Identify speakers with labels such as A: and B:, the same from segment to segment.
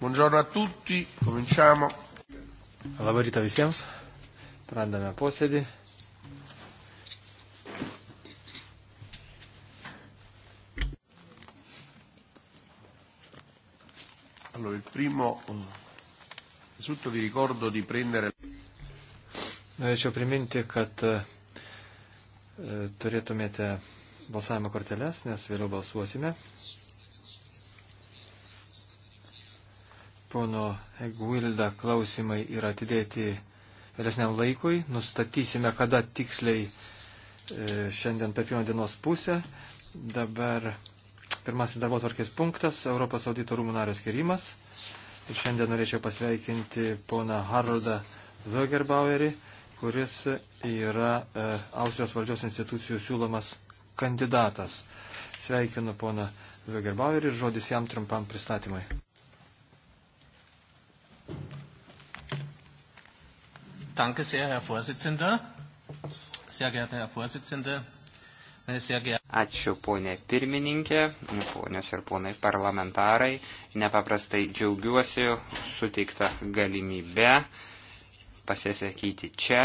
A: Buongiorno a tutti, cominciamo. Labą rytą visiems, pradame posėdį. Allora, il primo, eh, innanzitutto vi ricordo di prendere. Norėčiau priminti, kad e, turėtumėte balsavimo korteles, nes vėliau balsuosime. pono Egvilda klausimai yra atidėti vėlesniam laikui. Nustatysime, kada tiksliai e, šiandien per pirmą dienos pusę. Dabar pirmasis darbo tvarkės punktas - Europos audito rūmų nario skirimas. Ir šiandien norėčiau pasveikinti poną Haroldą Zögerbauerį, kuris yra e, Austrijos valdžios institucijų siūlomas kandidatas. Sveikinu poną Zögerbauerį ir žodis jam trumpam pristatymai. Danke sehr, Herr Vorsitzender. Sehr geehrter Herr Vorsitzender,
B: Ačiū ponė pirmininkė, ponios ir ponai parlamentarai. Nepaprastai džiaugiuosi suteiktą galimybę pasisakyti čia,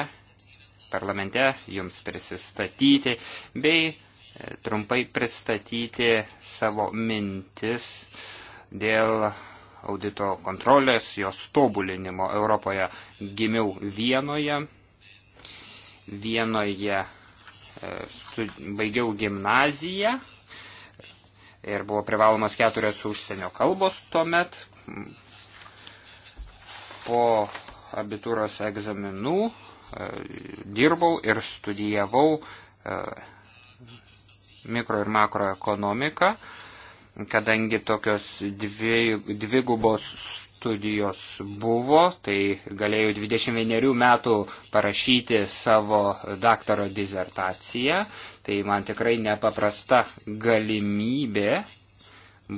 B: parlamente, jums prisistatyti, bei e, trumpai pristatyti savo mintis dėl audito kontrolės, jos tobulinimo Europoje. Gimiau Vienoje, Vienoje e, stu, baigiau gimnaziją ir buvo privalomas keturios užsienio kalbos tuomet. Po abitūros egzaminų e, dirbau ir studijavau e, mikro ir makroekonomiką. ekonomiką kadangi tokios dvigubos studijos buvo, tai galėjau 21 metų parašyti savo daktaro dizertaciją, tai man tikrai nepaprasta galimybė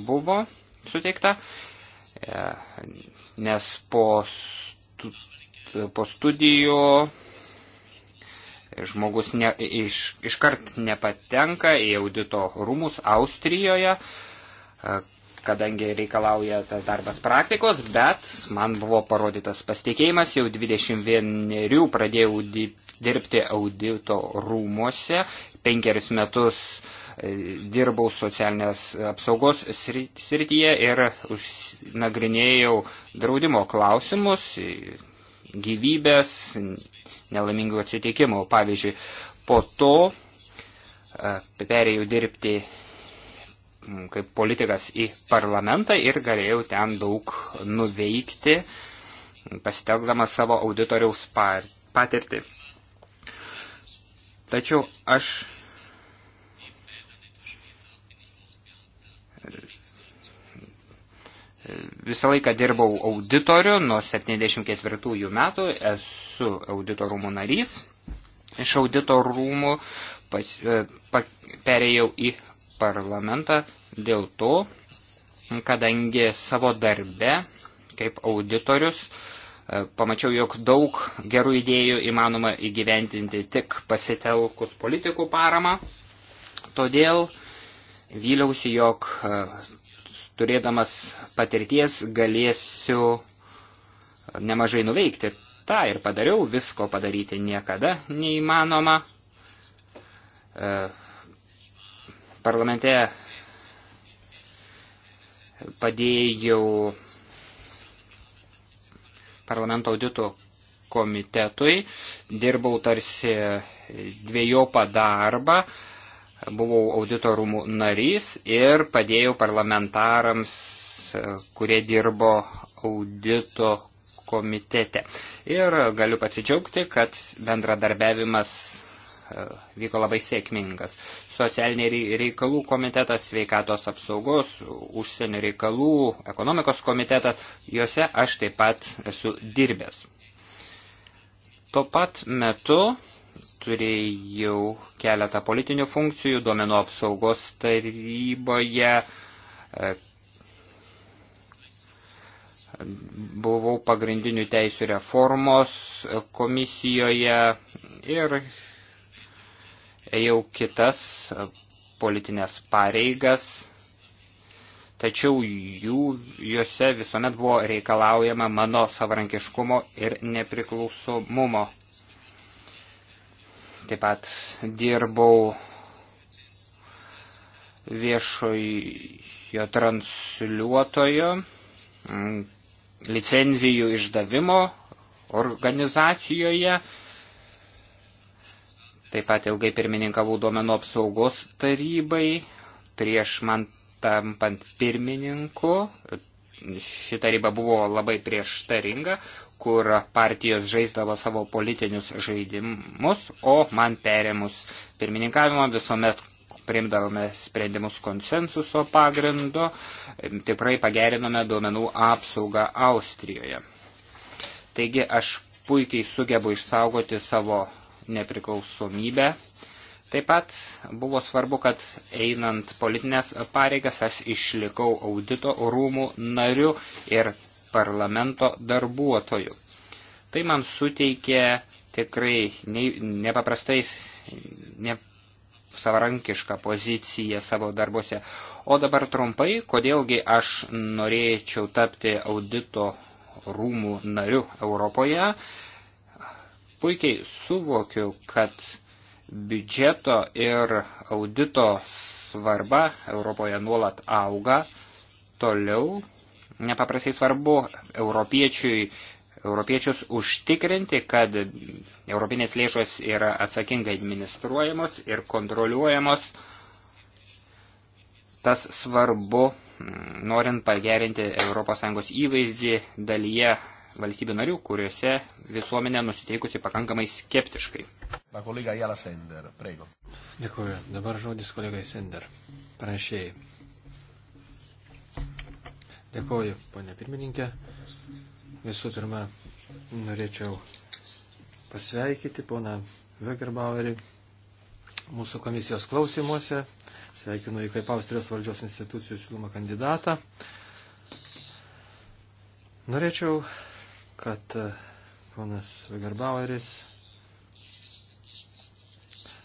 B: buvo suteikta, e, nes po, stu, po studijų žmogus ne, iš, iškart nepatenka į audito rūmus Austrijoje, kadangi reikalauja tas darbas praktikos, bet man buvo parodytas pasitikėjimas, jau 21 pradėjau dirbti audito rūmuose, penkerius metus e, dirbau socialinės apsaugos srityje ir nagrinėjau draudimo klausimus, e, gyvybės, nelaimingų atsitikimų. Pavyzdžiui, po to e, perėjau dirbti kaip politikas į parlamentą ir galėjau ten daug nuveikti, pasitelkdamas savo auditoriaus patirtį. Tačiau aš visą laiką dirbau auditoriu, nuo 74 metų esu auditorumų narys. Iš auditorumų pas, e, pa, perėjau į parlamentą dėl to, kadangi savo darbe kaip auditorius e, pamačiau, jog daug gerų idėjų įmanoma įgyventinti tik pasitelkus politikų paramą. Todėl vyliausi, jog e, turėdamas patirties galėsiu nemažai nuveikti. Ta ir padariau, visko padaryti niekada neįmanoma. E, Parlamente padėjau parlamento audito komitetui, dirbau tarsi dviejopą darbą, buvau audito rūmų narys ir padėjau parlamentarams, kurie dirbo audito komitete. Ir galiu pasidžiaugti, kad bendradarbiavimas E, vyko labai sėkmingas. Socialiniai reikalų komitetas, sveikatos apsaugos, užsienio reikalų, ekonomikos komitetas, juose aš taip pat esu dirbęs. Tuo pat metu turėjau keletą politinių funkcijų, duomenų apsaugos taryboje, e, buvau pagrindinių teisų reformos komisijoje ir ėjau kitas e, politinės pareigas, tačiau jų, juose visuomet buvo reikalaujama mano savarankiškumo ir nepriklausomumo. Taip pat dirbau viešojo transliuotojo, licenzijų išdavimo organizacijoje, Taip pat ilgai pirmininkavau duomenų apsaugos tarybai prieš man tampant pirmininku. Ši taryba buvo labai prieštaringa, kur partijos žaisdavo savo politinius žaidimus, o man perėmus pirmininkavimą visuomet priimdavome sprendimus konsensuso pagrindu, tikrai pagerinome duomenų apsaugą Austrijoje. Taigi aš puikiai sugebu išsaugoti savo nepriklausomybę. Taip pat buvo svarbu, kad einant politinės pareigas aš išlikau audito rūmų nariu ir parlamento darbuotoju. Tai man suteikė tikrai ne, nepaprastai ne, savarankišką poziciją savo darbuose. O dabar trumpai, kodėlgi aš norėčiau tapti audito rūmų nariu Europoje. Uh, Puikiai suvokiu, kad biudžeto ir audito svarba Europoje nuolat auga. Toliau nepaprastai svarbu europiečiui, europiečius užtikrinti, kad europinės lėšos yra atsakingai administruojamos ir kontroliuojamos. Tas svarbu, mm, norint pagerinti ES įvaizdį dalyje valstybių narių, kuriuose visuomenė nusiteikusi pakankamai skeptiškai.
A: Na, kolega Jala Sender, prego. Dėkuoju. Dabar žodis kolegai Sender. Pranešėjai. Dėkuoju, ponė pirmininkė. Visų pirma, norėčiau pasveikyti poną Wegerbauerį mūsų komisijos klausimuose. Sveikinu jį kaip Austrijos valdžios institucijų siūlomą kandidatą. Norėčiau kad e, ponas Garbaueris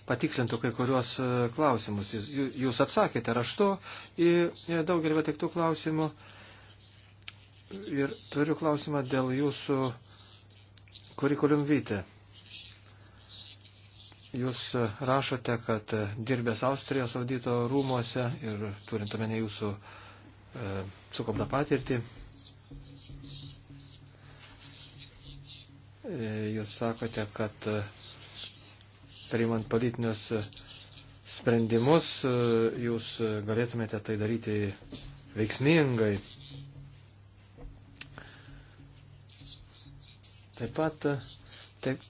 A: patikslintų kai kuriuos e, klausimus. Jūs atsakėte raštu į daugelį patiktų klausimų. Ir turiu klausimą dėl jūsų kurikulum vytė. Jūs e, rašote, kad dirbęs Austrijos audito rūmose ir turint omeny jūsų e, sukauptą patirtį, Jūs sakote, kad e, priimant politinius e, sprendimus, e, jūs galėtumėte tai daryti veiksmingai. Taip pat taip,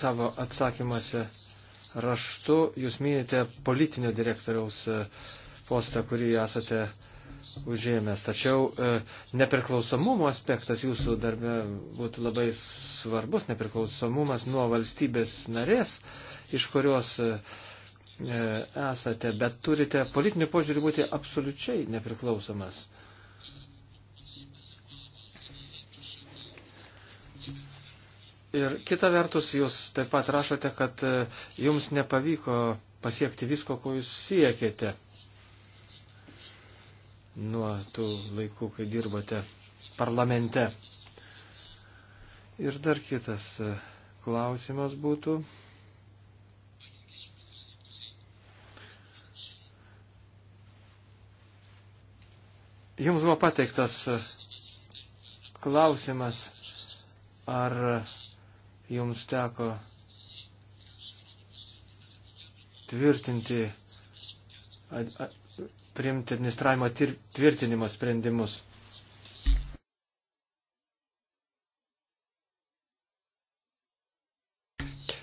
A: savo atsakymuose raštu jūs minite politinio direktoriaus postą, kurį esate užėmęs. Tačiau e, nepriklausomumo aspektas jūsų darbe būtų labai svarbus, nepriklausomumas nuo valstybės narės, iš kurios e, e, esate, bet turite politinių požiūrį būti absoliučiai nepriklausomas. Ir kita vertus, jūs taip pat rašote, kad jums nepavyko pasiekti visko, ko jūs siekėte nuo tų laikų, kai dirbote parlamente. Ir dar kitas e, klausimas būtų. Jums buvo pateiktas e, klausimas, ar e, jums teko tvirtinti priimti administravimo tvirtinimo sprendimus.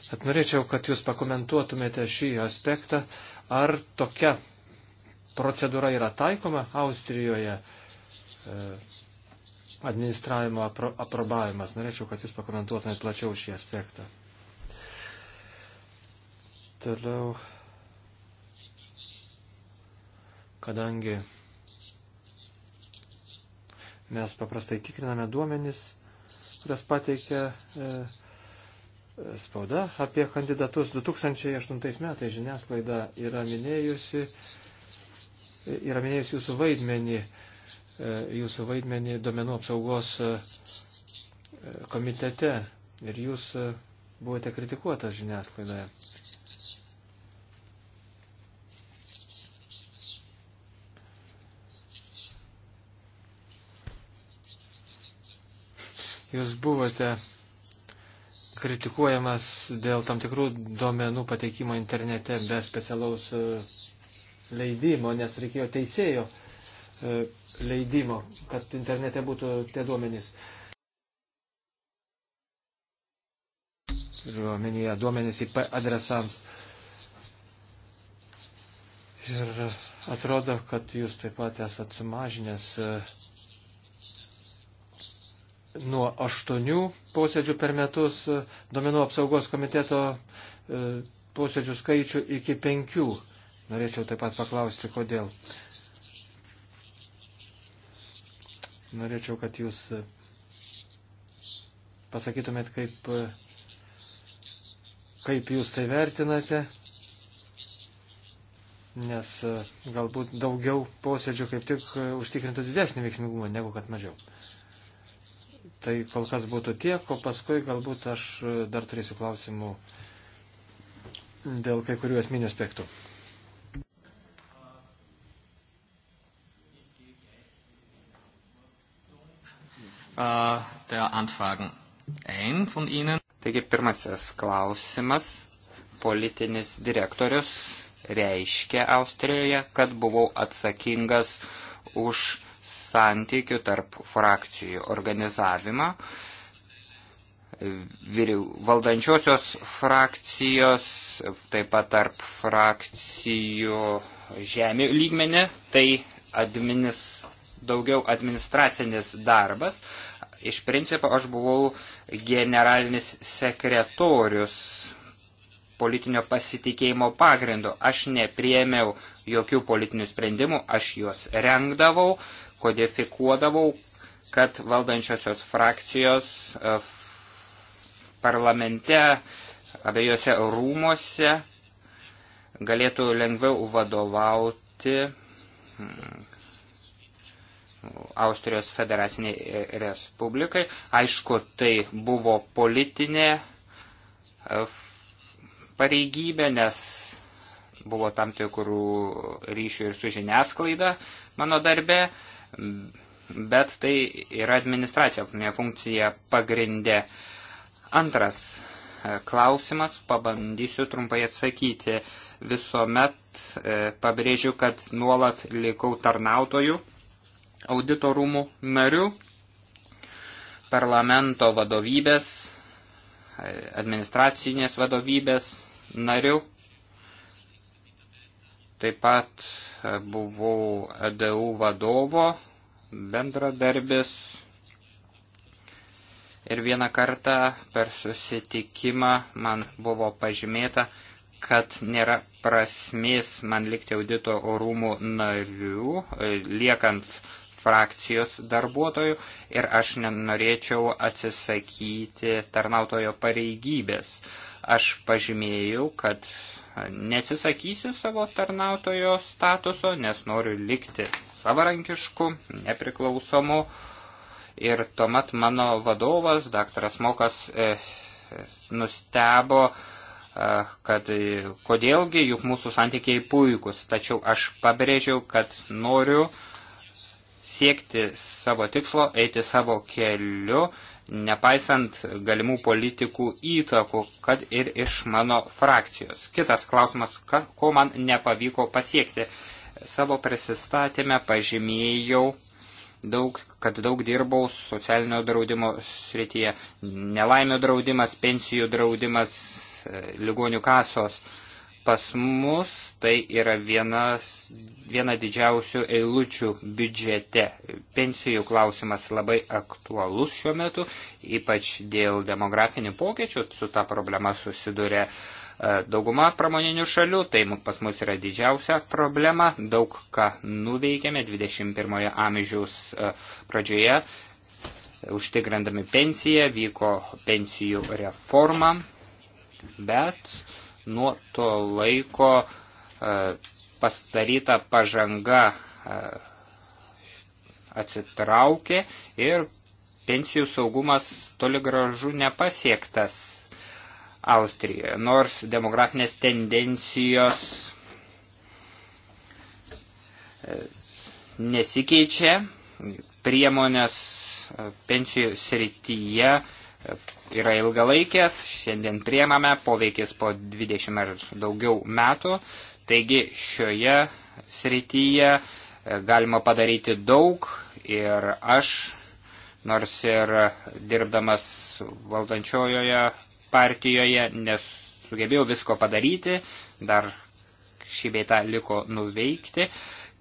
A: At norėčiau, kad jūs pakomentuotumėte šį aspektą, ar tokia procedūra yra taikoma Austrijoje e, administravimo apro, aprobavimas. Norėčiau, kad jūs pakomentuotumėte plačiau šį aspektą. Toliau kadangi mes paprastai tikriname duomenis, kurias pateikia e, e, spauda apie kandidatus. 2008 metais žiniasklaida yra minėjusi, e, yra minėjusi jūsų vaidmenį, e, jūsų vaidmenį domenų apsaugos e, e, komitete ir jūs buvote kritikuotas žiniasklaidoje. Jūs buvote kritikuojamas dėl tam tikrų duomenų pateikimo internete be specialaus e, leidimo, nes reikėjo teisėjo e, leidimo, kad internete būtų tie duomenys. Turiu omenyje duomenys IP adresams. Ir atrodo, kad jūs taip pat esat sumažinęs uh, nuo aštuonių posėdžių per metus domenų apsaugos komiteto e, posėdžių skaičių iki penkių. Norėčiau taip pat paklausti, kodėl. Norėčiau, kad jūs e, pasakytumėt, kaip, e, kaip jūs tai vertinate, nes galbūt daugiau posėdžių kaip tik užtikrintų didesnį veiksmingumą negu kad mažiau. Tai kol kas būtų tiek, o paskui galbūt aš dar turėsiu klausimų dėl kai kurių esminių aspektų.
B: Äh, der Anfragen ein von Ihnen. Taigi pirmasis klausimas. Politinis direktorius reiškia Austrijoje, kad buvau atsakingas už santykių tarp frakcijų organizavimą. Valdančiosios frakcijos, taip pat tarp frakcijų žemė lygmenė, tai administ, daugiau administracinis darbas. Iš principo aš buvau generalinis sekretorius politinio pasitikėjimo pagrindu. Aš nepriemiau jokių politinių sprendimų, aš juos rengdavau, kodifikuodavau, kad valdančiosios frakcijos e, parlamente abiejose rūmose galėtų lengviau vadovauti hmm, Austrijos federaciniai respublikai. Aišku, tai buvo politinė e, pareigybė, nes buvo tam tikrų ryšių ir su žiniasklaida mano darbe bet tai yra administracinė funkcija pagrindė. Antras e, klausimas, pabandysiu trumpai atsakyti. Visuomet e, pabrėžiu, kad nuolat likau tarnautojų, auditorumų narių, parlamento vadovybės, e, administracinės vadovybės narių Taip pat e, buvau EDU vadovo bendradarbis. Ir vieną kartą per susitikimą man buvo pažymėta, kad nėra prasmės man likti audito rūmų narių, e, liekant frakcijos darbuotojų ir aš nenorėčiau atsisakyti tarnautojo pareigybės. Aš pažymėjau, kad Neatsisakysiu savo tarnautojo statuso, nes noriu likti savarankišku, nepriklausomu. Ir tuomet mano vadovas, daktaras Mokas, e, e, nustebo, e, kad kodėlgi, juk mūsų santykiai puikus, tačiau aš pabrėžiau, kad noriu siekti savo tikslo, eiti savo keliu nepaisant galimų politikų įtakų, kad ir iš mano frakcijos. Kitas klausimas, ka, ko man nepavyko pasiekti. Savo prisistatymę pažymėjau, daug, kad daug dirbau socialinio draudimo srityje. Nelaimio draudimas, pensijų draudimas, e, ligonių kasos – pas mus tai yra vienas, viena didžiausių eilučių biudžete. Pensijų klausimas labai aktualus šiuo metu, ypač dėl demografinių pokyčių su ta problema susiduria e, dauguma pramoninių šalių, tai pas mus yra didžiausia problema, daug ką nuveikėme 21 amžiaus e, pradžioje, užtikrindami pensiją, vyko pensijų reforma, bet nuo to laiko e, pastaryta pažanga e, atsitraukė ir pensijų saugumas toli gražu nepasiektas Austrijoje, nors demografinės tendencijos e, nesikeičia, priemonės pensijų srityje yra ilgalaikės, šiandien priemame poveikis po 20 ar daugiau metų, taigi šioje srityje e, galima padaryti daug ir aš, nors ir dirbdamas valdančiojoje partijoje, nesugebėjau visko padaryti, dar šį beitą liko nuveikti.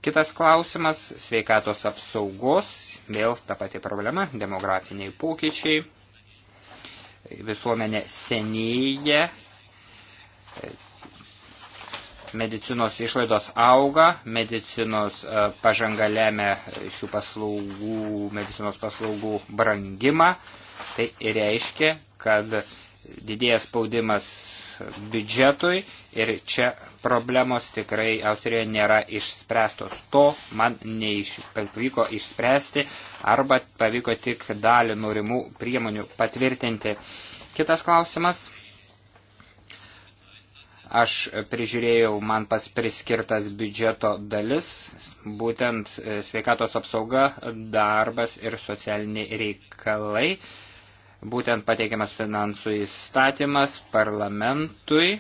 B: Kitas klausimas - sveikatos apsaugos, vėl ta pati problema - demografiniai pokyčiai visuomenė senėja, medicinos išlaidos auga, medicinos e, pažanga lemia šių paslaugų, medicinos paslaugų brangimą. Tai reiškia, kad didėja spaudimas biudžetui ir čia problemos tikrai Austrijoje nėra išspręstos. To man nepavyko neiš, išspręsti arba pavyko tik dalį norimų priemonių patvirtinti. Kitas klausimas. Aš prižiūrėjau man pas priskirtas biudžeto dalis, būtent e, sveikatos apsauga, darbas ir socialiniai reikalai. Būtent pateikiamas finansų įstatymas parlamentui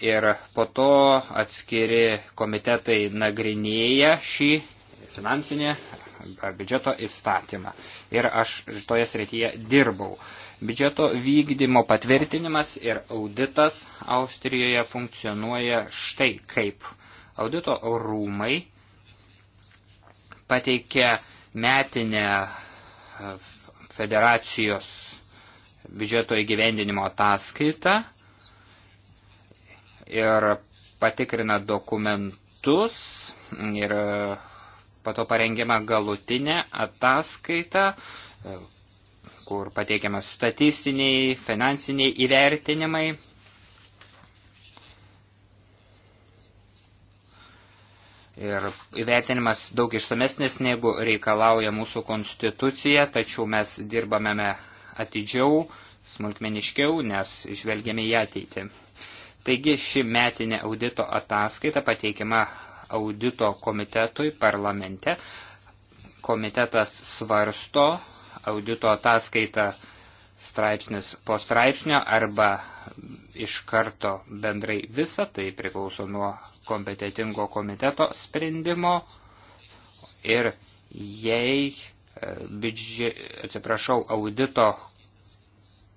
B: ir po to atskiri komitetai nagrinėja šį finansinį biudžeto įstatymą. Ir aš toje srityje dirbau. Biudžeto vykdymo patvirtinimas ir auditas Austrijoje funkcionuoja štai kaip. Audito rūmai pateikia metinę e, federacijos biudžeto įgyvendinimo ataskaitą ir patikrina dokumentus ir po to parengiama galutinė ataskaita, kur pateikiamas statistiniai, finansiniai įvertinimai. Ir įvertinimas daug išsamesnis negu reikalauja mūsų konstitucija, tačiau mes dirbame atidžiau, smulkmeniškiau, nes išvelgiame į ateitį. Taigi ši metinė audito ataskaita pateikiama audito komitetui parlamente. Komitetas svarsto audito ataskaitą straipsnis po straipsnio arba iš karto bendrai visą, tai priklauso nuo kompetitingo komiteto sprendimo. Ir jei, e, biudžet, atsiprašau, audito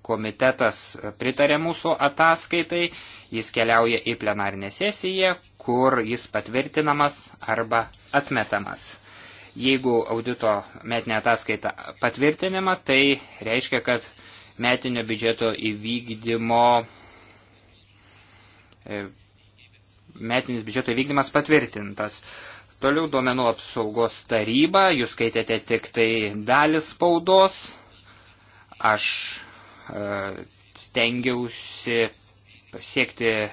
B: komitetas pritarė mūsų ataskaitai, jis keliauja į plenarinę sesiją, kur jis patvirtinamas arba atmetamas. Jeigu audito metinė ataskaita patvirtinama, tai reiškia, kad metinio biudžeto įvykdymo e, metinis biudžeto įvykdymas patvirtintas. Toliau duomenų apsaugos taryba, jūs skaitėte tik tai dalis spaudos, aš E, stengiausi pasiekti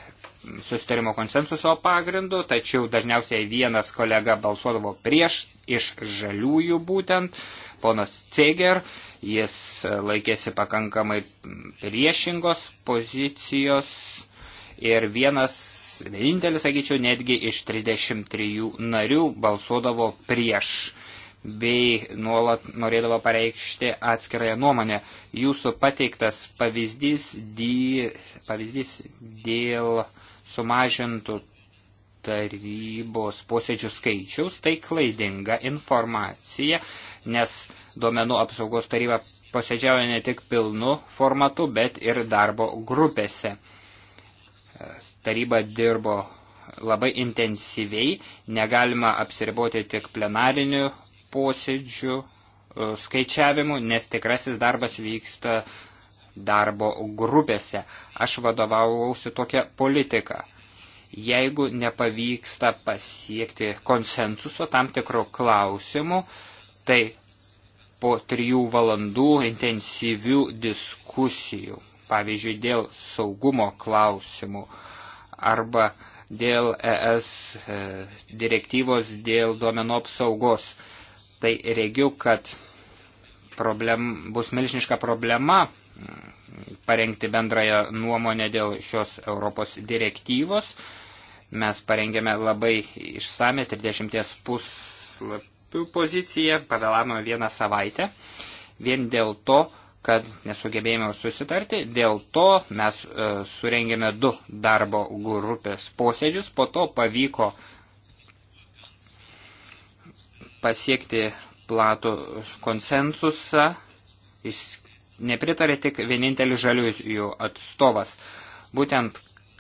B: susitarimo konsensuso pagrindu, tačiau dažniausiai vienas kolega balsuodavo prieš, iš žaliųjų būtent, ponas Ceger, jis laikėsi pakankamai priešingos pozicijos ir vienas, vienintelis, sakyčiau, netgi iš 33 narių balsuodavo prieš bei nuolat norėdavo pareikšti atskirąją nuomonę. Jūsų pateiktas pavyzdys, dė, pavyzdys dėl sumažintų tarybos posėdžių skaičiaus, tai klaidinga informacija, nes duomenų apsaugos taryba posėdžiauja ne tik pilnu formatu, bet ir darbo grupėse. Taryba dirbo labai intensyviai, negalima apsiriboti tik plenariniu posėdžių e, skaičiavimu, nes tikrasis darbas vyksta darbo grupėse. Aš vadovausiu tokią politiką. Jeigu nepavyksta pasiekti konsensuso tam tikrų klausimų, tai po trijų valandų intensyvių diskusijų, pavyzdžiui, dėl saugumo klausimų arba dėl ES e, direktyvos dėl duomenų apsaugos tai regiu, kad problem, bus milžiniška problema parengti bendrąją nuomonę dėl šios Europos direktyvos. Mes parengėme labai išsame 30 puslapių poziciją, pavėlavome vieną savaitę. Vien dėl to, kad nesugebėjome susitarti, dėl to mes e, surengėme du darbo grupės posėdžius, po to pavyko pasiekti platų konsensusą, jis nepritarė tik vienintelis žaliųjų atstovas. Būtent,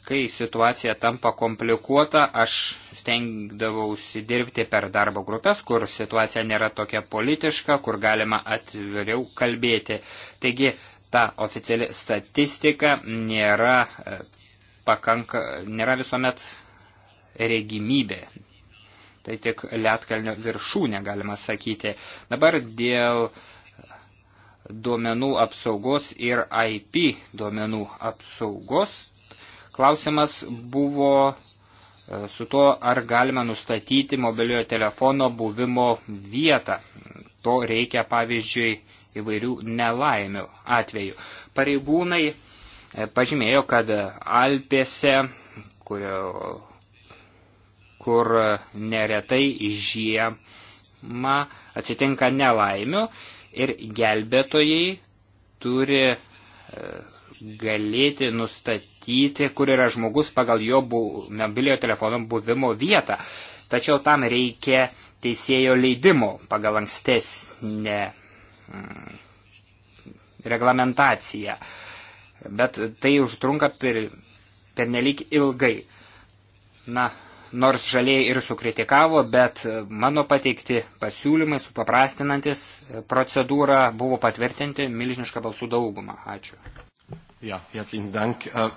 B: kai situacija tampa komplikuota, aš stengdavausi dirbti per darbo grupės, kur situacija nėra tokia politiška, kur galima atviriau kalbėti. Taigi, ta oficiali statistika nėra, e, pakanka, nėra visuomet regimybė Tai tik lietkalnio viršūnė, galima sakyti. Dabar dėl duomenų apsaugos ir IP duomenų apsaugos. Klausimas buvo e, su to, ar galima nustatyti mobiliojo telefono buvimo vietą. To reikia, pavyzdžiui, įvairių nelaimių atveju. Pareigūnai e, pažymėjo, kad Alpėse, kurio kur e, neretai žiemą atsitinka nelaimių ir gelbėtojai turi e, galėti nustatyti, kur yra žmogus pagal jo bu, mobiliojo telefono buvimo vietą. Tačiau tam reikia teisėjo leidimo pagal ankstesnę mm, reglamentaciją. Bet tai užtrunka per, per nelik ilgai. Na, nors žaliai ir sukritikavo, bet mano pateikti pasiūlymai supaprastinantis procedūrą buvo patvirtinti milžinišką balsų daugumą. Ačiū. Ja, herzlichen Dank, äh,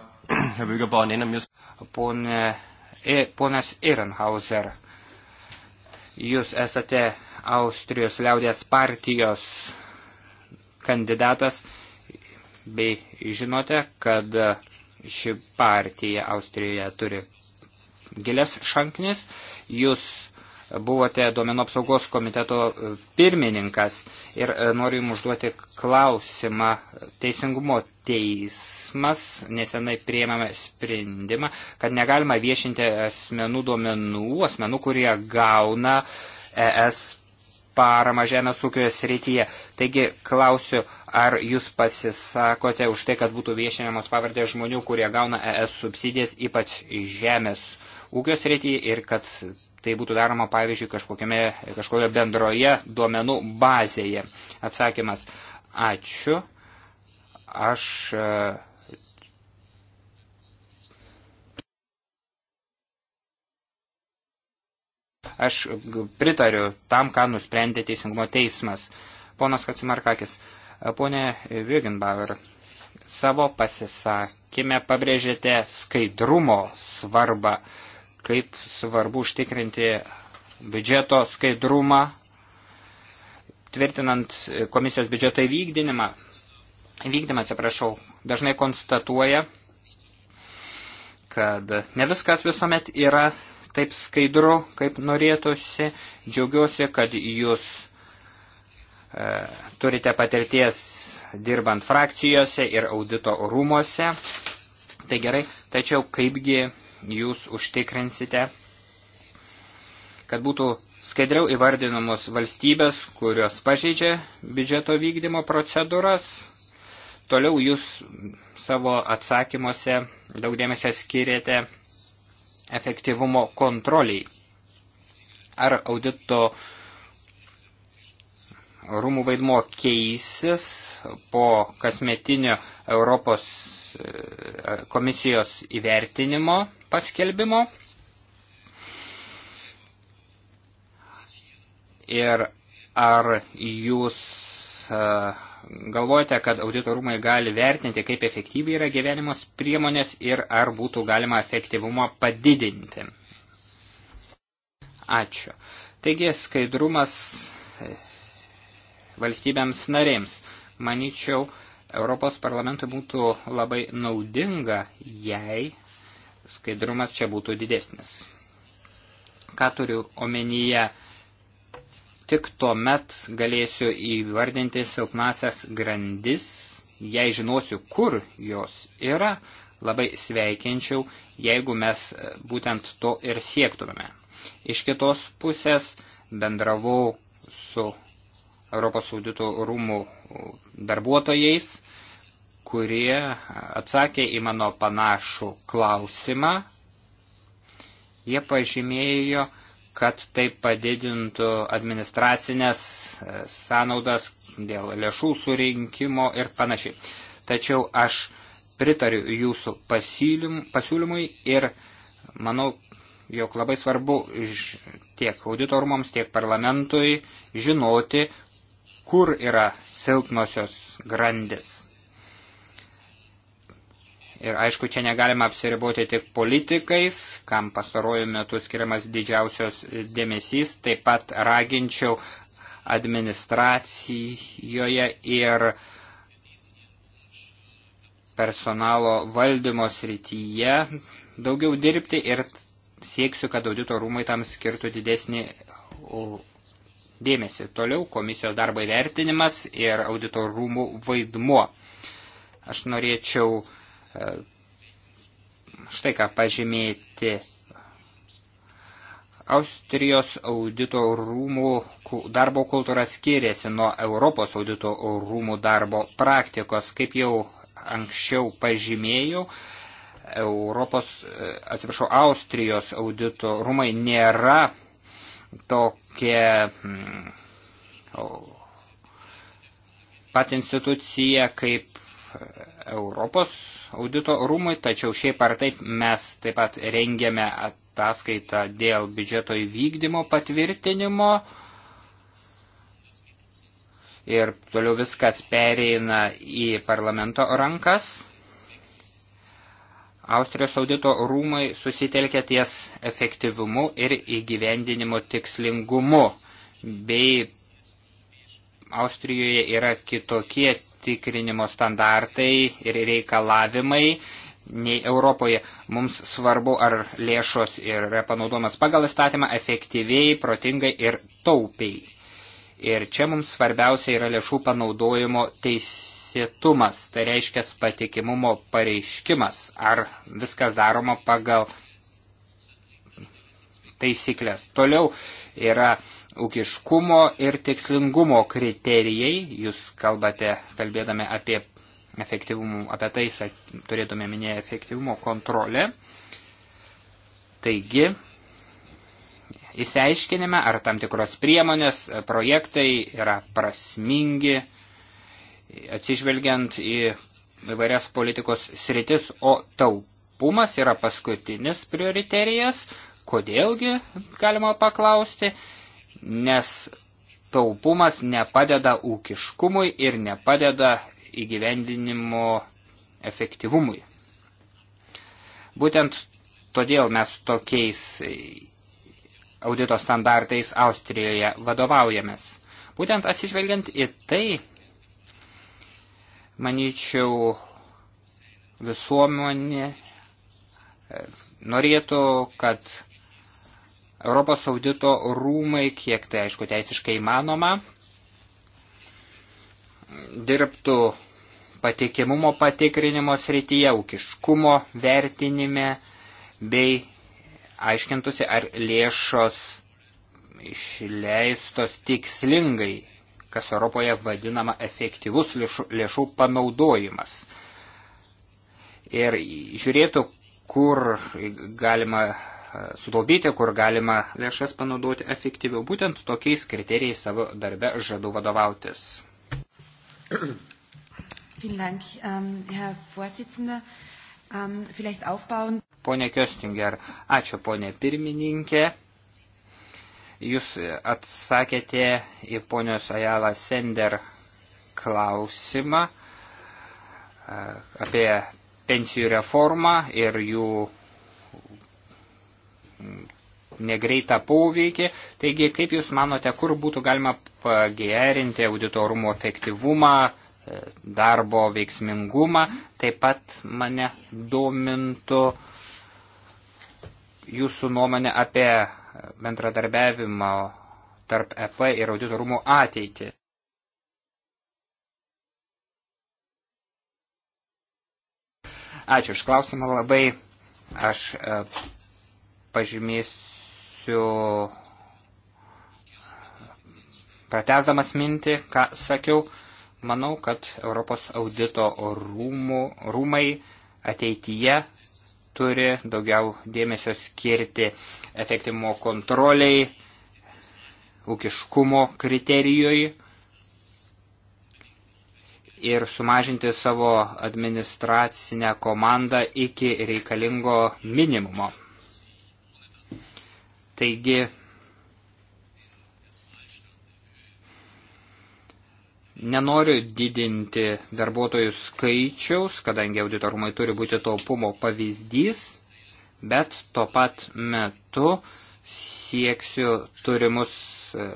B: Herr Bürgerbauer, nennen wir es. Pone, e, ponas Ehrenhauser, jūs esate Austrijos liaudės partijos kandidatas, bei žinote, kad ši partija Austrijoje turi gilias šaknis. Jūs buvote duomenų apsaugos komiteto e, pirmininkas ir e, noriu jums užduoti klausimą. Teisingumo teismas nesenai priėmėme sprendimą, kad negalima viešinti asmenų duomenų, asmenų, kurie gauna ES parama žemės ūkio srityje. Taigi klausiu, ar jūs pasisakote už tai, kad būtų viešinamos pavardės žmonių, kurie gauna ES subsidijas, ypač žemės ūkio srityje ir kad tai būtų daroma, pavyzdžiui, kažkokioje bendroje duomenų bazėje. Atsakymas, ačiū. Aš e, Aš pritariu tam, ką nusprendė Teisingumo teismas. Ponas Kacimarkakis, e, ponė Vigenbauer, savo pasisakymę pabrėžėte skaidrumo svarbą. Uh, kaip svarbu užtikrinti biudžeto skaidrumą, tvirtinant komisijos biudžeto įvykdinimą. Įvykdymą, atsiprašau, dažnai konstatuoja, kad ne viskas visuomet yra taip skaidru, kaip norėtųsi. Džiaugiuosi, kad jūs e, turite patirties dirbant frakcijose ir audito rūmose. Tai gerai, tačiau kaipgi jūs užtikrinsite, kad būtų skaidriau įvardinamos valstybės, kurios pažeidžia biudžeto vykdymo procedūras. Toliau jūs savo atsakymuose daug dėmesio skiriate efektyvumo kontroliai. Ar audito rūmų vaidmo keisis po kasmetinio Europos E, komisijos įvertinimo paskelbimo. Ir ar jūs e, galvojate, kad auditorumai gali vertinti, kaip efektyviai yra gyvenimos priemonės ir ar būtų galima efektyvumą padidinti? Ačiū. Taigi skaidrumas e, valstybėms narėms. Maničiau, Europos parlamentui būtų labai naudinga, jei skaidrumas čia būtų didesnis. Ką turiu omenyje, tik tuo met galėsiu įvardinti silpnasias grandis, jei žinosiu, kur jos yra, labai sveikinčiau, jeigu mes būtent to ir siektumėme. Iš kitos pusės bendravau su Europos audito rūmų darbuotojais, kurie atsakė į mano panašų klausimą. Jie pažymėjo, kad tai padidintų administracinės e, sąnaudas dėl lėšų surinkimo ir panašiai. Tačiau aš pritariu jūsų pasiūlymui ir manau, jog labai svarbu tiek auditorumams, tiek parlamentui žinoti, kur yra silpnosios grandis. Ir aišku, čia negalima apsiriboti tik politikais, kam pastaruoju metu skiriamas didžiausios dėmesys, taip pat raginčiau administracijoje ir personalo valdymo srityje daugiau dirbti ir sieksiu, kad audito rūmai tam skirtų didesnį dėmesį. Toliau komisijos darbo įvertinimas ir audito rūmų vaidmuo. Aš norėčiau e, štai ką pažymėti. Austrijos audito rūmų darbo kultūra skiriasi nuo Europos audito rūmų darbo praktikos. Kaip jau anksčiau pažymėjau, Europos, e, atsiprašau, Austrijos audito rūmai nėra tokia hmm, pat institucija kaip Europos audito rūmui, tačiau šiaip ar taip mes taip pat rengiame ataskaitą dėl biudžeto įvykdymo patvirtinimo ir toliau viskas pereina į parlamento rankas. Austrijos audito rūmai susitelkė ties efektyvumu ir įgyvendinimo tikslingumu, bei Austrijoje yra kitokie tikrinimo standartai ir reikalavimai nei Europoje. Mums svarbu, ar lėšos yra panaudomas pagal įstatymą efektyviai, protingai ir taupiai. Ir čia mums svarbiausia yra lėšų panaudojimo teisė teisėtumas, tai reiškia patikimumo pareiškimas, ar viskas daroma pagal taisyklės. Toliau yra ūkiškumo ir tikslingumo kriterijai, jūs kalbate, kalbėdami apie efektyvumų, apie tai turėtume minėti efektyvumo kontrolę. Taigi, įsiaiškinime, ar tam tikros priemonės, projektai yra prasmingi, atsižvelgiant į įvairias politikos sritis, o taupumas yra paskutinis prioriterijas. Kodėlgi, galima paklausti, nes taupumas nepadeda ūkiškumui ir nepadeda įgyvendinimo efektyvumui. Būtent todėl mes tokiais audito standartais Austrijoje vadovaujamės. Būtent atsižvelgiant į tai, Manyčiau, visuomenė e, norėtų, kad Europos audito rūmai, kiek tai aišku teisiškai įmanoma, dirbtų patikimumo patikrinimo srityje, aukiškumo vertinime bei aiškintusi, ar lėšos išleistos tikslingai kas Europoje vadinama efektyvus lėšų, lėšų panaudojimas. Ir žiūrėtų, kur galima e, sutaupyti, kur galima lėšas panaudoti efektyviau. Būtent tokiais kriterijais savo darbe žadu vadovautis.
A: Ähm, ähm,
B: pone Köstinger, ačiū ponė pirmininkė. Jūs atsakėte į ponios Ajala Sender klausimą e, apie pensijų reformą ir jų negreitą poveikį. Taigi, kaip Jūs manote, kur būtų galima pagerinti auditorumo efektyvumą, e, darbo veiksmingumą? Taip pat mane domintų Jūsų nuomonė apie bendradarbiavimo tarp EP ir auditorumų ateitį. Ačiū iš klausimą labai. Aš e, pažymėsiu pratesdamas mintį, ką sakiau. Manau, kad Europos audito rūmų, rūmai ateityje turi daugiau dėmesio skirti efektyvumo kontroliai, ūkiškumo kriterijoje ir sumažinti savo administracinę komandą iki reikalingo minimumo. Taigi, Nenoriu didinti darbuotojų skaičiaus, kadangi auditorumai turi būti taupumo pavyzdys, bet tuo pat metu sieksiu turimus e,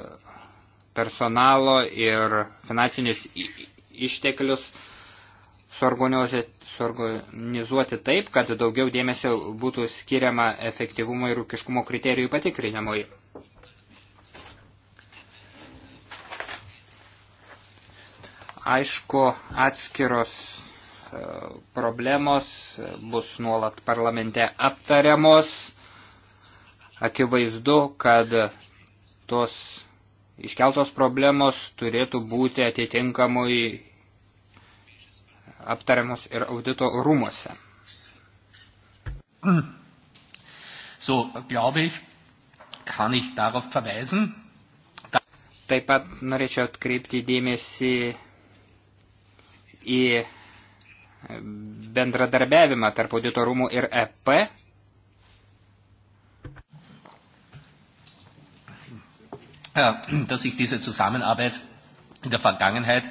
B: personalo ir finansinius išteklius suorganizuoti taip, kad daugiau dėmesio būtų skiriama efektyvumo ir ūkiškumo kriterijų patikrinimui. Aišku, atskiros e, problemos bus nuolat parlamente aptariamos. Akivaizdu, kad tos iškeltos problemos turėtų būti atitinkamui aptariamos ir audito rūmose. So, glaube ich, kann ich darauf verweisen. Taip pat norėčiau atkreipti dėmesį į bendradarbiavimą tarp auditorumų ir EP. dass sich diese Zusammenarbeit in der Vergangenheit.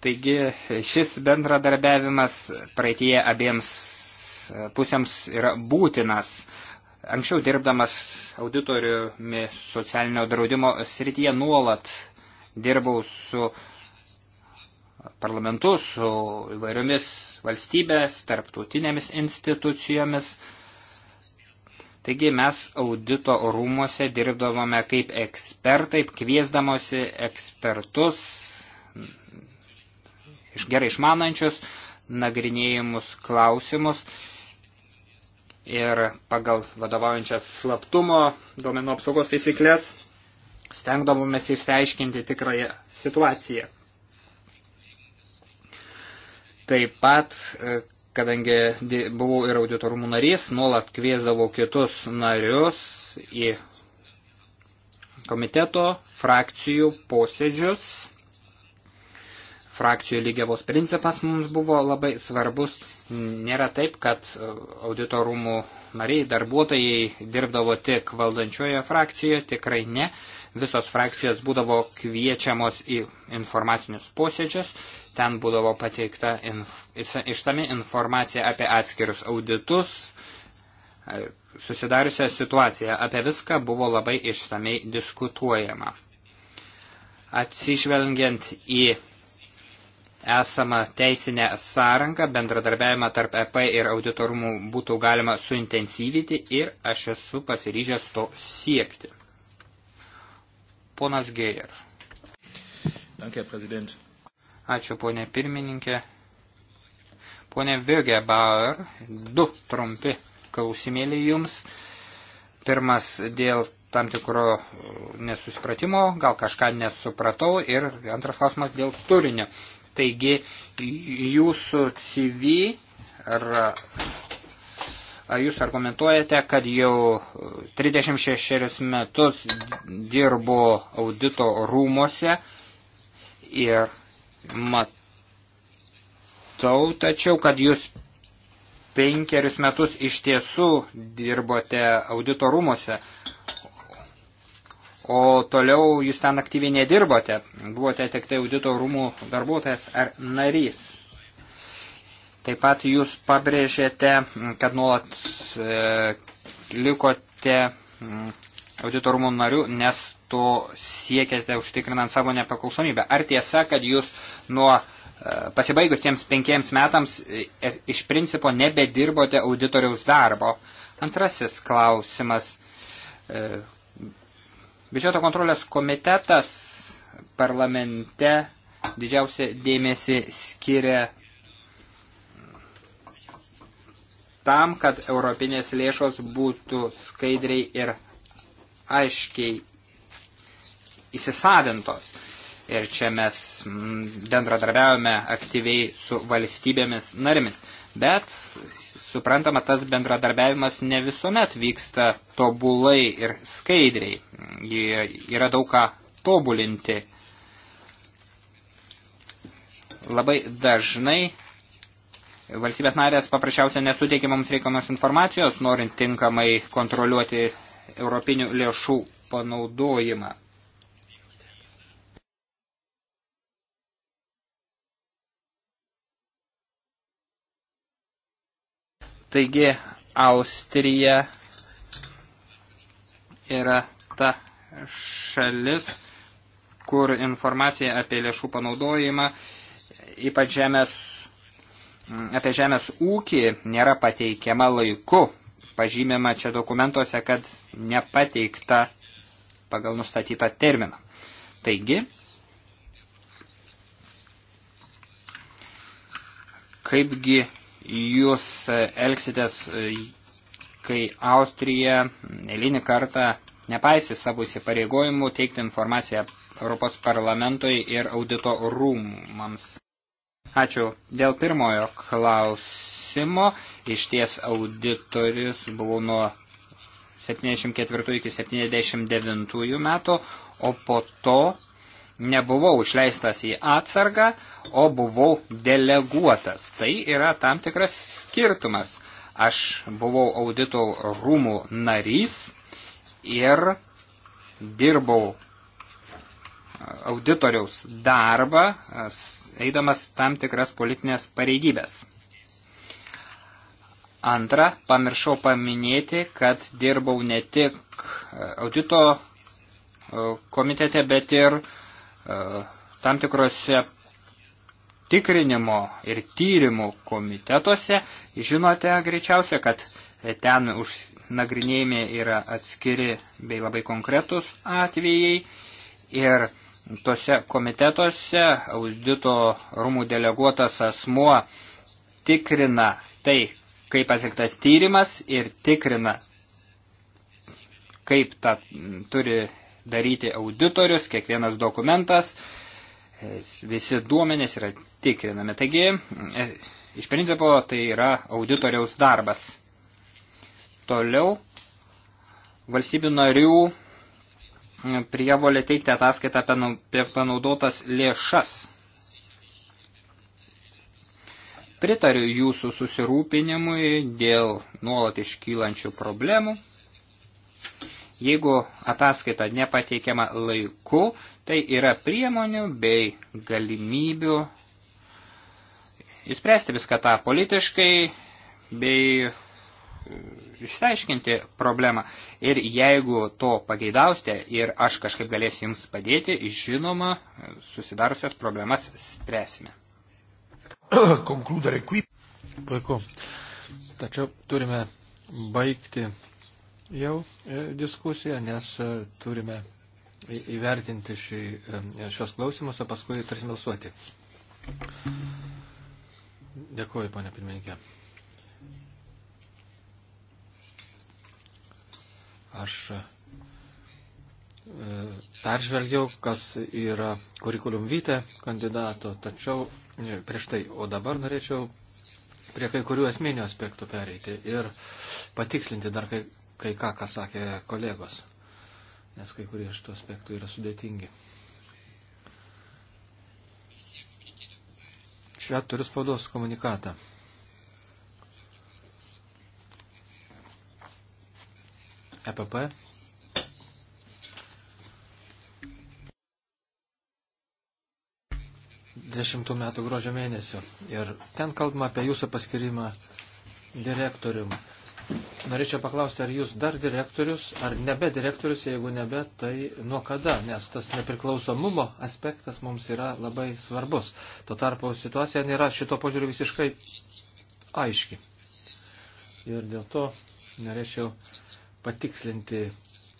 B: Taigi šis bendradarbiavimas praeitie abiems pusėms yra būtinas. Anksčiau dirbdamas auditoriumi socialinio draudimo srityje nuolat dirbau su uh, parlamentus, su įvairiomis valstybės, tarptautinėmis institucijomis. Taigi mes audito rūmuose dirbdavome kaip ekspertai, kviesdamosi ekspertus, iš gerai išmanančius, nagrinėjimus klausimus ir pagal vadovaujančias slaptumo duomenų apsaugos taisyklės stengdavomės išsiaiškinti tikrąją situaciją. Taip pat, e, kadangi buvau ir auditorumų narys, nuolat kviesdavau kitus narius į komiteto frakcijų posėdžius. Frakcijų lygiavos principas mums buvo labai svarbus. Nėra taip, kad auditorumų nariai, darbuotojai dirbdavo tik valdančioje frakcijoje, tikrai ne. Visos frakcijos būdavo kviečiamos į informacinius posėdžius Ten būdavo pateikta inf išsami informacija apie atskirus auditus, e, susidariusią situaciją. Apie viską buvo labai išsamei diskutuojama. Atsižvelgiant į esamą teisinę sąrangą, bendradarbiavimą tarp EP ir auditorumų būtų galima suintensyvyti ir aš esu pasiryžęs to siekti. Ponas Geijer.
A: Danke, Herr Präsident.
B: Ačiū, ponė pirmininkė. Pone Vögebauer, du trumpi klausimėliai jums. Pirmas dėl tam tikro nesuspratimo, gal kažką nesupratau ir antras klausimas dėl turinio. Taigi jūsų CV ar, ar jūs argumentuojate, kad jau 36 metus dirbo audito rūmose ir matau tačiau, kad jūs penkerius metus iš tiesų dirbote auditorumuose, o toliau jūs ten aktyviai nedirbote, buvote tik tai auditorumų darbuotojas ar narys. Taip pat jūs pabrėžėte, kad nuolat e, likote mm, auditorumų narių, nes to siekiate užtikrinant savo nepaklausomybę. Ar tiesa, kad jūs nuo e, pasibaigus tiems penkiems metams e, e, iš principo nebedirbote auditoriaus darbo? Antrasis klausimas. Biudžeto kontrolės komitetas parlamente didžiausia dėmesį skiria tam, kad europinės lėšos būtų skaidriai ir aiškiai įsisavintos. Ir čia mes bendradarbiavome aktyviai su valstybėmis narimis. Bet, suprantama, tas bendradarbiavimas ne visuomet vyksta tobulai ir skaidriai. Yra daug ką tobulinti. Labai dažnai valstybės narės paprasčiausia nesuteikia mums reikiamos informacijos, norint tinkamai kontroliuoti europinių lėšų panaudojimą. Taigi Austrija yra ta šalis, kur informacija apie lėšų panaudojimą, ypač žemės, mm, apie žemės ūkį, nėra pateikiama laiku. Pažymėma čia dokumentuose, kad nepateikta pagal nustatytą terminą. Taigi, kaipgi jūs e, elgsitės, e, kai Austrija eilinį kartą nepaisys savo įsipareigojimų teikti informaciją Europos parlamentoj ir audito rūmams. Ačiū. Dėl pirmojo klausimo iš ties auditorius buvau nuo 74 iki 79 metų, o po to nebuvau išleistas į atsargą, o buvau deleguotas. Tai yra tam tikras skirtumas. Aš buvau audito rūmų narys ir dirbau auditoriaus darbą, eidamas tam tikras politinės pareigybės. Antra, pamiršau paminėti, kad dirbau ne tik audito komitete, bet ir uh, E, tam tikrose tikrinimo ir tyrimų komitetuose. Žinote greičiausia, kad ten užnagrinėjami yra atskiri bei labai konkretus atvejai ir tose komitetuose audito rūmų deleguotas asmuo tikrina tai, kaip atliktas tyrimas ir tikrina, kaip ta turi daryti auditorius, kiekvienas dokumentas, e, visi duomenės yra tikrinami. Taigi, e, iš principo, tai yra auditoriaus darbas. Toliau, valstybių narių e, prievolė teikti ataskaitą apie panaudotas lėšas. Pritariu jūsų susirūpinimui dėl nuolat iškylančių problemų. Jeigu ataskaita nepateikiama laiku, tai yra priemonių bei galimybių įspręsti viską tą politiškai bei e, išsiaiškinti problemą. Ir jeigu to pageidausite ir aš kažkaip galėsiu jums padėti, žinoma, susidarusias problemas spręsime.
A: Puiku. Tačiau turime baigti jau e, diskusiją, nes e, turime įvertinti šį, e, šios klausimus, o paskui turėsime balsuoti. Dėkuoju, ponė pirmininkė. Aš peržvelgiau, kas yra kurikulum vyte kandidato, tačiau prieš tai, o dabar norėčiau prie kai kurių esminių aspektų pereiti ir patikslinti dar kai kai ką, ką sakė kolegos, nes kai kurie iš tų aspektų yra sudėtingi. Čia turiu spaudos komunikatą. EPP. Dešimtų metų gruodžio mėnesio. Ir ten kalbama apie jūsų paskirimą direktorium norėčiau paklausti, ar jūs dar direktorius, ar nebe direktorius, jeigu nebe, tai nuo kada, nes tas nepriklausomumo aspektas mums yra labai svarbus. Tuo tarpu situacija nėra šito požiūriu visiškai aiški. Ir dėl to norėčiau patikslinti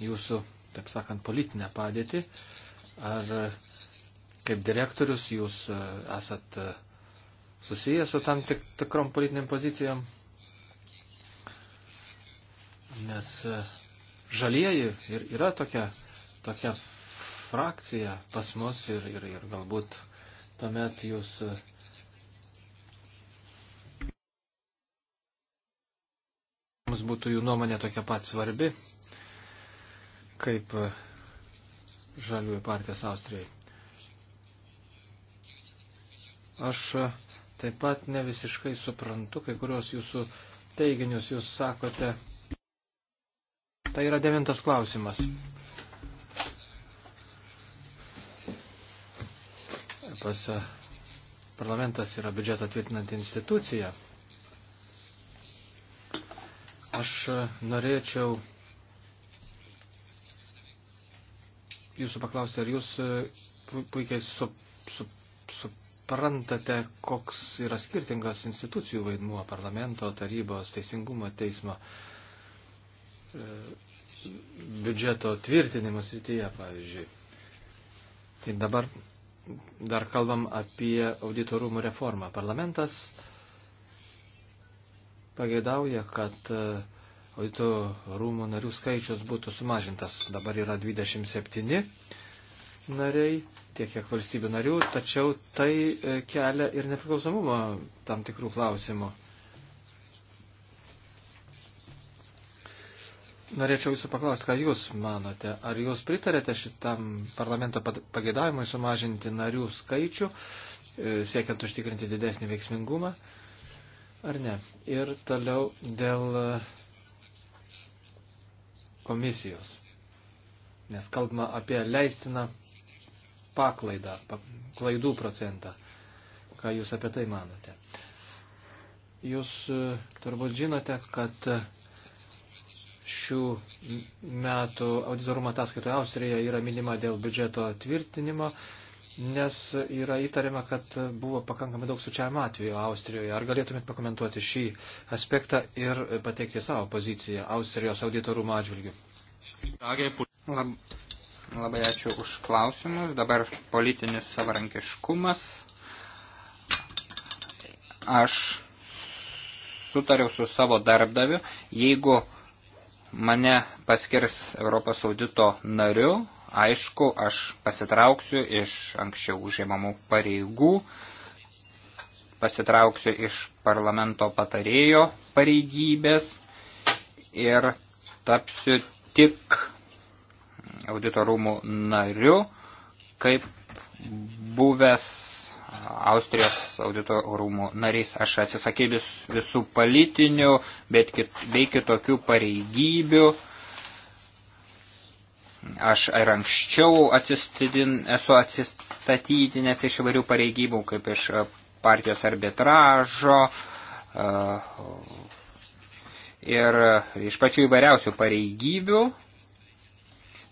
A: jūsų, taip sakant, politinę padėtį. Ar kaip direktorius jūs e, esat e, susijęs su tam tik, tikrom politiniam pozicijom? nes e, žalieji ir yra tokia, tokia frakcija pas mus ir, ir, ir galbūt tuomet jūs. E, mums būtų jų nuomonė tokia pat svarbi, kaip e, žaliųjų partijos Austrijai. Aš taip pat ne visiškai suprantu kai kurios jūsų teiginius. Jūs sakote, Tai yra devintas klausimas. Pas e, parlamentas yra biudžetą tvirtinanti institucija. Aš e, norėčiau jūsų paklausti, ar jūs e, puikiai su, su, suprantate, koks yra skirtingas institucijų vaidmuo parlamento, tarybos, teisingumo, teismo. Uh, E, biudžeto tvirtinimo srityje, pavyzdžiui. Tai dabar dar kalbam apie auditorumų reformą. Parlamentas pageidauja, kad e, auditorumų narių skaičius būtų sumažintas. Dabar yra 27 nariai, tiek kiek valstybių narių, tačiau tai e, kelia ir nepriklausomumo tam tikrų klausimų. Norėčiau jūsų paklausti, ką jūs manote. Ar jūs pritarėte šitam parlamento pagėdavimui sumažinti narių skaičių, e, siekiant užtikrinti didesnį veiksmingumą, ar ne? Ir toliau dėl e, komisijos. Nes kalbama apie leistiną paklaidą, klaidų procentą. Ką jūs apie tai manote? Jūs e, turbūt žinote, kad šių metų auditorumo ataskaitoje Austrija yra minima dėl biudžeto tvirtinimo, nes yra įtariama, kad buvo pakankamai daug sučiavimo atveju Austrijoje. Ar galėtumėt pakomentuoti šį aspektą ir pateikti savo poziciją Austrijos auditorumo atžvilgių?
B: Lab, labai ačiū už klausimus. Dabar politinis savarankiškumas. Aš sutariau su savo darbdaviu, jeigu uh, mane paskirs Europos audito nariu, aišku, aš pasitrauksiu iš anksčiau užėmamų pareigų, pasitrauksiu iš parlamento patarėjo pareigybės ir tapsiu tik auditorumų nariu, kaip buvęs Austrijos audito rūmų narys. Aš atsisakiau vis, visų politinių, bet kit, bei kitokių pareigybių. Aš ir anksčiau atsistidin, esu atsistatydinęs iš įvairių pareigybų, kaip iš e, partijos arbitražo e, ir iš pačių įvairiausių pareigybių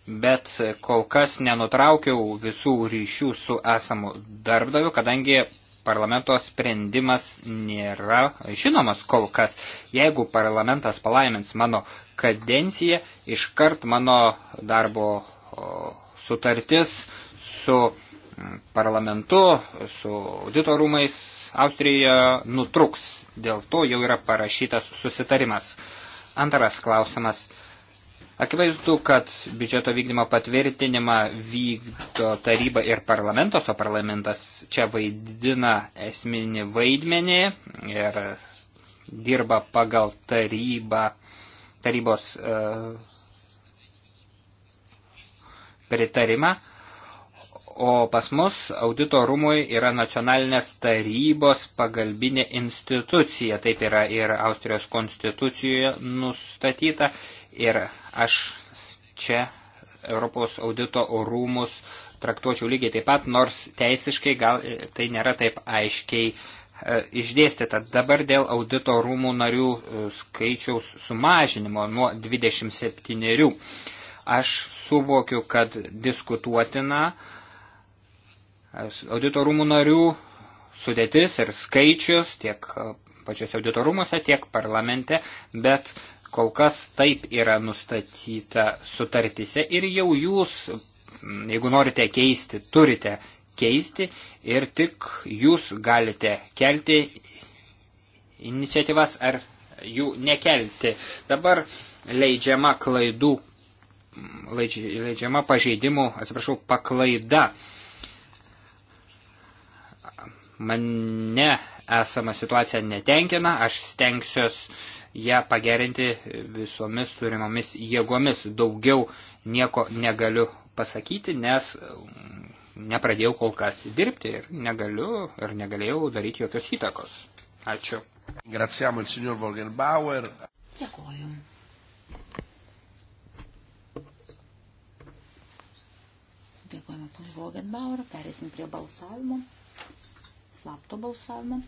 B: bet kol kas nenutraukiau visų ryšių su esamu darbdaviu, kadangi parlamento sprendimas nėra žinomas kol kas. Jeigu parlamentas palaimins mano kadenciją, iškart mano darbo sutartis su mm, parlamentu, su auditorumais Austrijoje nutruks. Dėl to jau yra parašytas susitarimas. Antras klausimas. Akivaizdu, kad biudžeto vykdymo patvirtinimą vykdo taryba ir parlamentas, o parlamentas čia vaidina esminį vaidmenį ir dirba pagal tarybą, tarybos uh, pritarimą. O pas mus audito rūmui yra nacionalinės tarybos pagalbinė institucija, taip yra ir Austrijos konstitucijoje nustatyta, ir Aš čia Europos audito rūmus traktuočiau lygiai taip pat, nors teisiškai gal tai nėra taip aiškiai e, išdėstyta. Dabar dėl audito rūmų narių e, skaičiaus sumažinimo nuo 27. Aš suvokiu, kad diskutuotina e, audito rūmų narių sudėtis ir skaičius tiek pačiuose audito rūmose, tiek parlamente, bet Kol kas taip yra nustatyta sutartyse ir jau jūs, jeigu norite keisti, turite keisti ir tik jūs galite kelti iniciatyvas ar jų nekelti. Dabar leidžiama klaidų, leidžiama pažeidimų, atsiprašau, paklaida. Mane esama situacija netenkina, aš stengsiuos ją pagerinti visomis turimomis jėgomis. Daugiau nieko negaliu pasakyti, nes mm, nepradėjau kol kas dirbti ir negaliu ir negalėjau daryti jokios įtakos. Ačiū. Graziamo il signor Volgenbauer. Dėkuoju.
A: Dėkojame ponui Volgenbauer, perėsim prie balsavimo,
B: slapto balsavimo.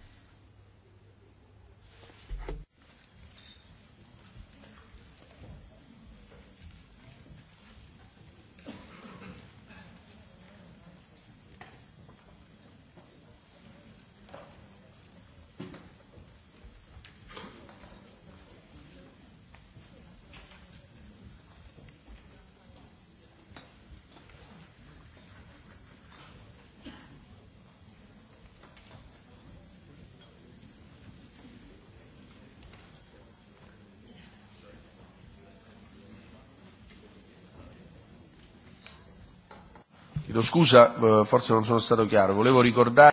A: chiedo scusa, eh, forse non sono stato chiaro, volevo ricordare